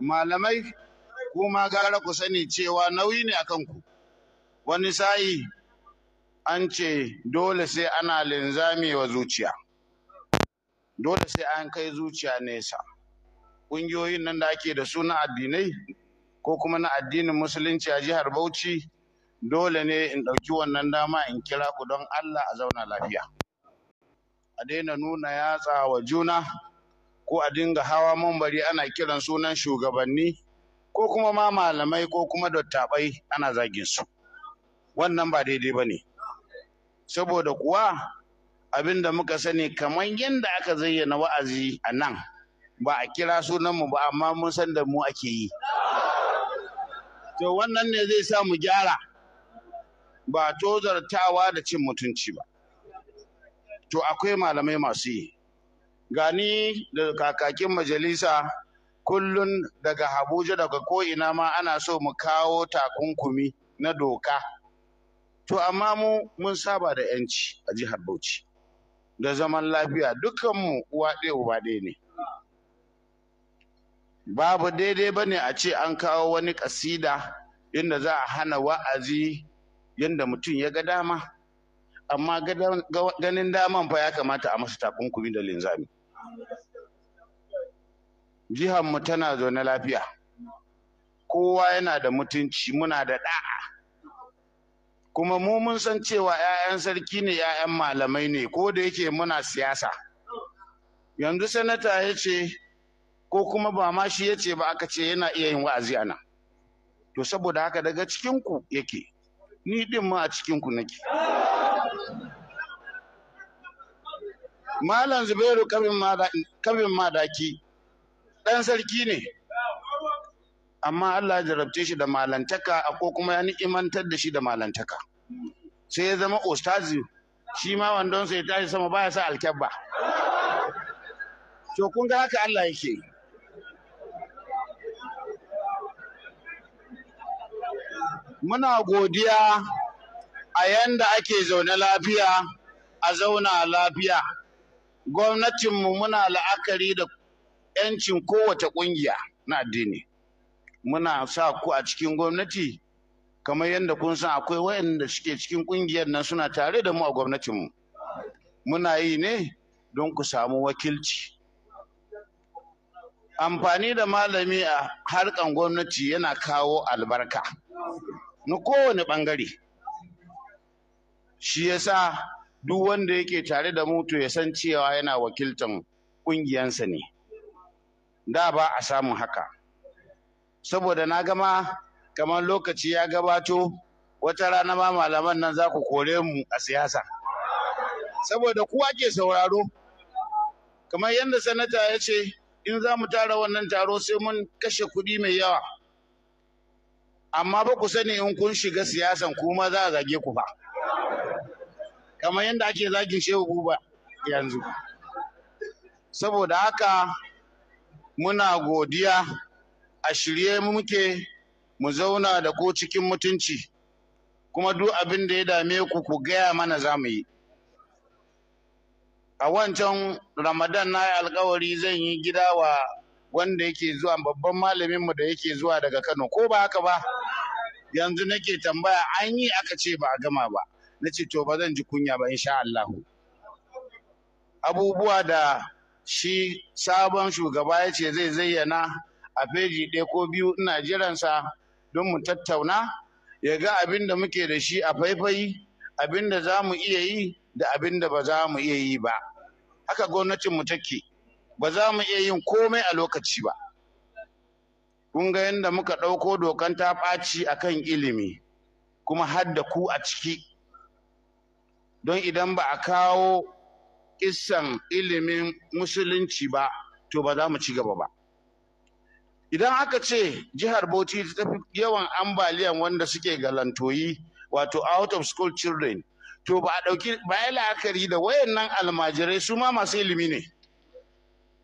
malamai kuma gara ku sani cewa nauyi ne a ku. wani sa'i an ce dole sai ana linzami wa zuciya dole sai an kai zuciya nesa ƙungiyoyin nan da ake da su na addinai ko kuma na addinin musulunci a jihar bauchi dole ne in ɗauki wannan dama in kira ku don allah a zauna lafiya a daina nuna yatsa wa juna ko a dinga hawa mambari ana kiran sunan shugabanni ko kuma ma malamai ko kuma dattabai ana zagin su wannan ba daidai ba ne saboda kuwa abin da muka sani kamar yadda aka zayyana wa'azi a nan ba a kira sunanmu ba amma mun san da mu ake yi to wannan ne zai sa mu gyara ba tozartawa da cin mutunci ba to akwai malamai masu yi gani da kakakin majalisa kullun daga Habuja daga ko'ina ma ana so mu kawo takunkumi na doka. To amma mu mun saba da ‘yanci a jihar Bauchi da zaman lafiya dukkanmu uwa ɗaya ne. Babu daidai ba ne a ce an kawo wani ƙasida inda za a hana wa'azi yadda mutum ya ga dama, amma ganin daman fa ya kamata a masa takunkumi da linzami. jihar mu tana zaune lafiya kowa yana da mutunci muna da da'a kuma mu mun san cewa 'ya'yan sarki ne 'ya'yan malamai ne ko da yake muna siyasa yanzu sanata ya ce ko kuma ba ma shi ya ce ba aka ce yana iya yin wa'azi a nan to saboda haka daga cikinku yake ni din ma a cikinku nake Malam Zubairu kabin madaki ɗan sarki ne, amma Allah ya jarabce shi da malantaka ko kuma ya ni'imantar da shi da malantaka. Sai ya zama ostazi shi ma wandon sai sama baya sa alkyabba. To kun ga haka Allah yake muna godiya a yanda ake zaune lafiya a zauna lafiya gwamnatinmu muna la'akari da 'yancin kowace ƙungiya na addini muna sa ku a cikin gwamnati kamar yadda kun san akwai waɗanda suke cikin ƙungiyar nan suna tare da mu a gwamnatinmu muna yi ne don ku samu wakilci amfani da malami a harkan gwamnati yana kawo albarka na kowane ɓangare shi yasa duk wanda yake tare da mu ya san cewa yana wakiltan ƙungiyansa ne da ba a samun haka saboda na gama kamar lokaci ya gabato wata rana ma malaman nan za ku kore mu a siyasa saboda kuwa ke sauraro kamar yadda sanata ya ce in za mu tara wannan taro sai mun kashe kuɗi mai yawa amma ba ku sani in kun shiga siyasan kuma za a zage ku ba. kamar yadda ake zagin shehu buba yanzu saboda haka muna godiya a shirye muke mu zauna da ko cikin mutunci kuma duk abin da ya dame ku ku gaya mana za mu yi a wancan ramadan na yi alkawari zan yi gida wa wanda yake zuwa babban malaminmu da yake zuwa daga kano ko ba haka ba yanzu nake tambaya an yi aka ce ba a gama ba na ce to ba zan ji kunya ba insha Allah abubuwa da shi sabon shugaba ya ce zai zayyana a feji ɗaya ko biyu ina jiransa don mu tattauna ya ga abin da muke da shi a faifai abin da za mu iya yi da abin da ba za mu iya yi ba haka gwamnatin mu take ba za mu iya yin komai a lokaci ba kun ga yadda muka ɗauko dokan ta ɓaci a kan ilimi kuma har da ku a ciki don idan ba a kawo isan ilimin musulunci ba to ba za mu ci gaba ba idan aka ce jihar bauchi ta tafi yawan ambaliyan wanda suke galantoyi wato out of school children to ba a ɗauki ba ya la'akari da wayannan almajirai su ma masu ilimi ne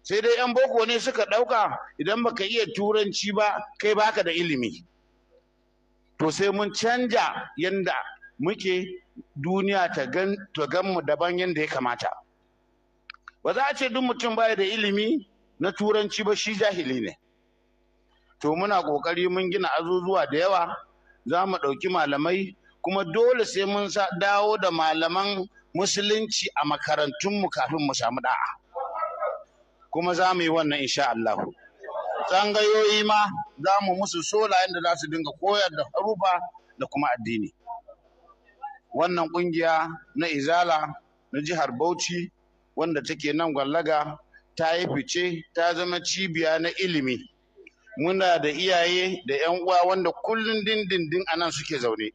sai dai yan boko ne suka ɗauka idan baka iya turanci ba kai baka da ilimi to sai mun canja yanda muke duniya ta gan mu daban yadda ya kamata ba za a ce duk mutum baya da ilimi na turanci ba shi jahili ne to muna kokari mun gina azuzuwa da yawa za mu ɗauki malamai kuma dole sai mun dawo da malaman musulunci a makarantunmu kafin mu samu da'a kuma za mu yi wannan insha Allah tsangayoyi ma za mu musu sola yadda za su dinga koyar da harufa da kuma addini wannan kungiya na izala na jihar bauchi wanda take nan gwallaga ta yi fice ta zama cibiya na ilimi muna da iyaye da 'yan uwa wanda kullum dindindin a nan suke zaune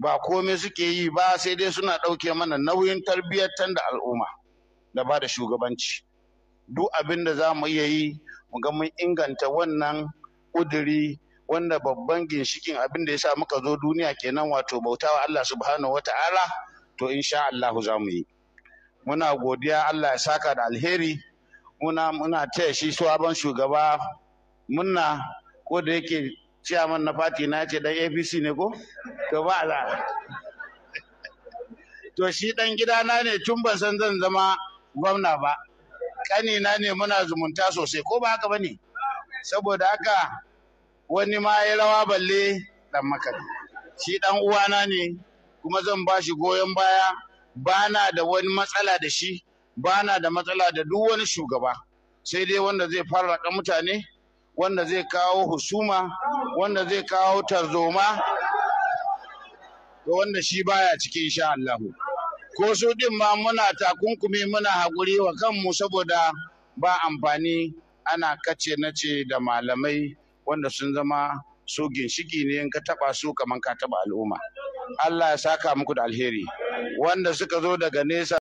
ba komai suke yi ba sai dai suna ɗauke mana nauyin tarbiyyar da al'umma da ba da shugabanci duk abin da za mu iya yi mu ga mun inganta wannan ƙuduri wanda babban ginshikin abin da ya sa muka zo duniya kenan wato bautawa Allah subhanahu wata'ala to insha Allah za mu yi muna godiya Allah ya saka da alheri muna muna taya shi sabon shugaba muna ko da yake ciyaman na fati na ce dan APC ne ko to ba la to shi dan gidana ne tun ban san zan zama gwamna ba kanina ne muna zumunta sosai ko ba haka bane saboda haka wani ma ya rawa balle dan makani shi dan uwana ne kuma zan ba shi goyon baya bana da wani matsala da shi bana da matsala da duk wani shugaba sai dai wanda zai fara mutane wanda zai kawo husuma wanda zai kawo tarzoma da wanda shi baya cikin sha Allah ko su ɗin ma muna takunkumi muna haƙuri wa kanmu saboda ba amfani ana kace nace da malamai wanda sun zama su ginshiki ne in ka taba su kamar ka taba al'umma Allah ya saka muku da alheri wanda suka zo daga nesa